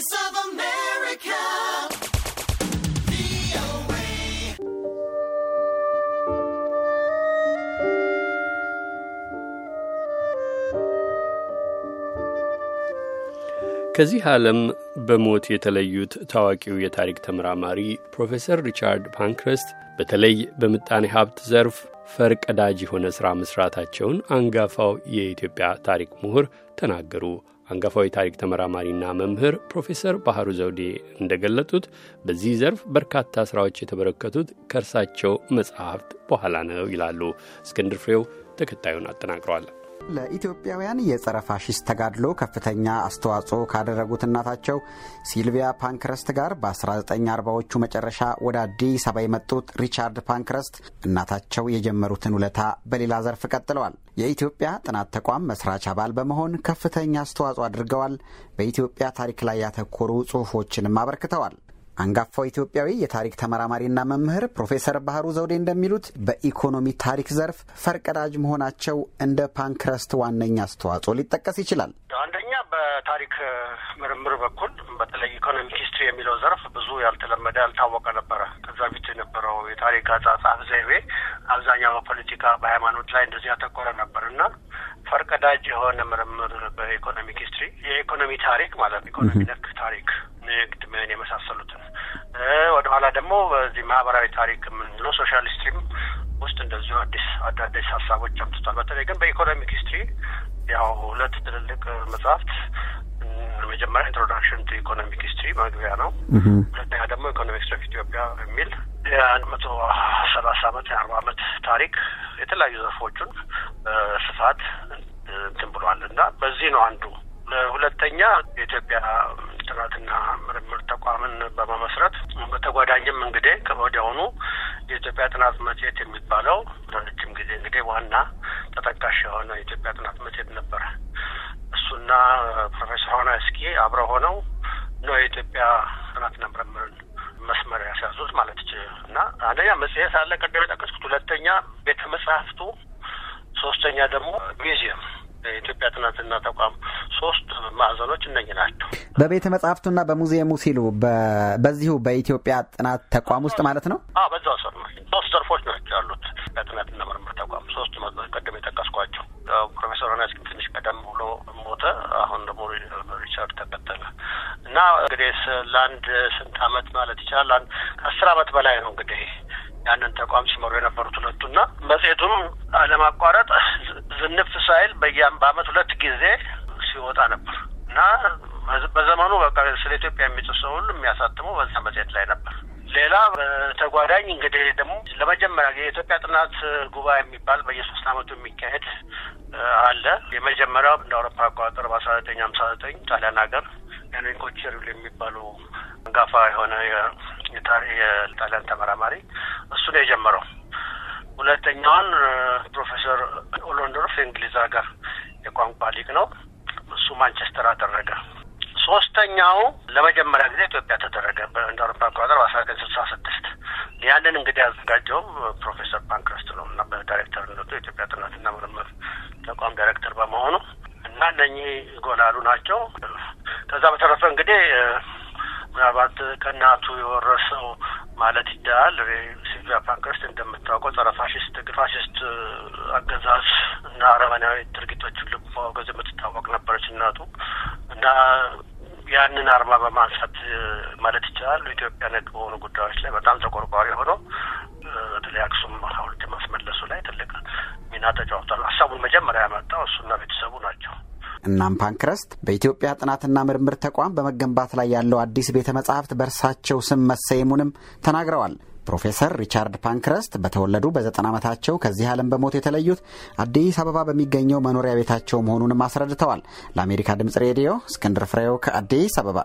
Voice of America. ከዚህ ዓለም በሞት የተለዩት ታዋቂው የታሪክ ተመራማሪ ፕሮፌሰር ሪቻርድ ፓንክረስት በተለይ በምጣኔ ሀብት ዘርፍ ፈርቀዳጅ የሆነ ሥራ መሥራታቸውን አንጋፋው የኢትዮጵያ ታሪክ ምሁር ተናገሩ። አንጋፋዊ ታሪክ ተመራማሪና መምህር ፕሮፌሰር ባህሩ ዘውዴ እንደገለጡት በዚህ ዘርፍ በርካታ ሥራዎች የተበረከቱት ከእርሳቸው መጽሐፍት በኋላ ነው ይላሉ። እስክንድር ፍሬው ተከታዩን አጠናቅረዋል። ለኢትዮጵያውያን የጸረ ፋሽስት ተጋድሎ ከፍተኛ አስተዋጽኦ ካደረጉት እናታቸው ሲልቪያ ፓንክረስት ጋር በ1940ዎቹ መጨረሻ ወደ አዲስ አበባ የመጡት ሪቻርድ ፓንክረስት እናታቸው የጀመሩትን ውለታ በሌላ ዘርፍ ቀጥለዋል። የኢትዮጵያ ጥናት ተቋም መስራች አባል በመሆን ከፍተኛ አስተዋጽኦ አድርገዋል። በኢትዮጵያ ታሪክ ላይ ያተኮሩ ጽሑፎችንም አበርክተዋል። አንጋፋው ኢትዮጵያዊ የታሪክ ተመራማሪና መምህር ፕሮፌሰር ባህሩ ዘውዴ እንደሚሉት በኢኮኖሚ ታሪክ ዘርፍ ፈርቀዳጅ መሆናቸው እንደ ፓንክረስት ዋነኛ አስተዋጽኦ ሊጠቀስ ይችላል። አንደኛ በታሪክ ምርምር በኩል በተለይ ኢኮኖሚክ ሂስትሪ የሚለው ዘርፍ ብዙ ያልተለመደ ያልታወቀ ነበረ። ከዛ ፊት የነበረው የታሪክ አጻጻፍ ዘይቤ አብዛኛው በፖለቲካ በሃይማኖት ላይ እንደዚህ ያተኮረ ነበር እና ፈርቀዳጅ የሆነ ምርምር በኢኮኖሚክ ሂስትሪ የኢኮኖሚ ታሪክ ማለት ኢኮኖሚ ነክ ታሪክ ንግድ፣ ምን የመሳሰሉትን ወደኋላ ደግሞ በዚህ ማህበራዊ ታሪክ የምንለው ሶሻል ሂስትሪም ውስጥ እንደዚሁ አዲስ አዳዲስ ሀሳቦች አምጥቷል። በተለይ ግን በኢኮኖሚክ ሂስትሪ ያው ሁለት ትልልቅ መጽሀፍት መጀመሪያ ኢንትሮዳክሽን ቱ ኢኮኖሚክ ሂስትሪ መግቢያ ነው። ሁለተኛ ደግሞ ኢኮኖሚክስ ኦፍ ኢትዮጵያ የሚል የአንድ መቶ ሰላሳ አመት የአርባ አመት ታሪክ የተለያዩ ዘርፎቹን ስፋት እንትን ብሏል እና በዚህ ነው አንዱ። ሁለተኛ የኢትዮጵያ ጥናትና ምርምር ተቋምን በመመስረት ይህም እንግዲህ ከወዲያውኑ የኢትዮጵያ ጥናት መጽሔት የሚባለው ለረጅም ጊዜ እንግዲህ ዋና ተጠቃሽ የሆነ የኢትዮጵያ ጥናት መጽሔት ነበረ። እሱና ፕሮፌሰር ሆና እስኪ አብረ ሆነው ነው የኢትዮጵያ ጥናት ምርምርን መስመር ያስያዙት ማለት ይችላል። እና አንደኛ መጽሔት አለ ቀደም የጠቀስኩት፣ ሁለተኛ ቤተ መጽሐፍቱ፣ ሶስተኛ ደግሞ ሚዚየም የኢትዮጵያ ጥናትና ተቋም ሶስት ማዕዘኖች እነኝ ናቸው። በቤተ መጽሐፍቱና በሙዚየሙ ሲሉ በዚሁ በኢትዮጵያ ጥናት ተቋም ውስጥ ማለት ነው። በዛ ሰር ሶስት ዘርፎች ናቸው ያሉት በጥናትና ምርምር ተቋም ሶስት ቀደም የጠቀስኳቸው ፕሮፌሰር ዮናስ ትንሽ ቀደም ብሎ ሞተ። አሁን ደግሞ ሪቻርድ ተከተለ እና እንግዲህ ለአንድ ስንት አመት ማለት ይቻላል አንድ ከአስር አመት በላይ ነው እንግዲህ ያንን ተቋም ሲመሩ የነበሩት ሁለቱ ሁለቱና መጽሔቱም አለማቋረጥ ዝንፍ ሳይል በየ በአመት ሁለት ጊዜ ሲወጣ ነበር እና በዘመኑ በቃ ስለ ኢትዮጵያ የሚጽፍ ሰው ሁሉ የሚያሳትመው በዛ መጽሔት ላይ ነበር። ሌላ በተጓዳኝ እንግዲህ ደግሞ ለመጀመሪያ የኢትዮጵያ ጥናት ጉባኤ የሚባል በየሶስት ዓመቱ የሚካሄድ አለ። የመጀመሪያው እንደ አውሮፓ አቆጣጠር በአስራ ዘጠኝ ሀምሳ ዘጠኝ ጣሊያን ሀገር ኤንሪኮ የሚባሉ አንጋፋ የሆነ የጣሊያን ተመራማሪ እሱ ነው የጀመረው። ሁለተኛውን ፕሮፌሰር ኦሎንዶርፍ የእንግሊዝ ሀገር የቋንቋ ሊቅ ነው ማንቸስተር አደረገ። ሶስተኛው ለመጀመሪያ ጊዜ ኢትዮጵያ ተደረገ እንደ አውሮፓ አቆጣጠር በአስራ ዘጠኝ ስልሳ ስድስት ያንን እንግዲህ ያዘጋጀው ፕሮፌሰር ፓንክረስት ነው እና በዳይሬክተርነቱ የኢትዮጵያ ጥናትና ምርምር ተቋም ዳይሬክተር በመሆኑ እና እነኚህ ጎላሉ ናቸው። ከዛ በተረፈ እንግዲህ ምናልባት ከእናቱ የወረሰው ማለት ይዳል ሲልቪያ ፓንክረስት እንደምታውቀው ጸረ ፋሽስት ፋሽስት አገዛዝ እና አረመናዊ ድርጊቶች ሁሉ በማውገዝ የምትታወቅ ነበረች እናቱ እና ያንን አርማ በማንሳት ማለት ይቻላል ኢትዮጵያ ነክ በሆኑ ጉዳዮች ላይ በጣም ተቆርቋሪ ሆኖ በተለይ አክሱም ሐውልት ማስመለሱ ላይ ትልቅ ሚና ተጫውቷል። ሀሳቡን መጀመሪያ ያመጣው እሱና ቤተሰቡ ናቸው። እናም ፓንክረስት በኢትዮጵያ ጥናትና ምርምር ተቋም በመገንባት ላይ ያለው አዲስ ቤተ መጻሕፍት በእርሳቸው ስም መሰየሙንም ተናግረዋል። ፕሮፌሰር ሪቻርድ ፓንክረስት በተወለዱ በዘጠና ዓመታቸው ከዚህ ዓለም በሞት የተለዩት አዲስ አበባ በሚገኘው መኖሪያ ቤታቸው መሆኑንም አስረድተዋል። ለአሜሪካ ድምፅ ሬዲዮ እስክንድር ፍሬው ከአዲስ አበባ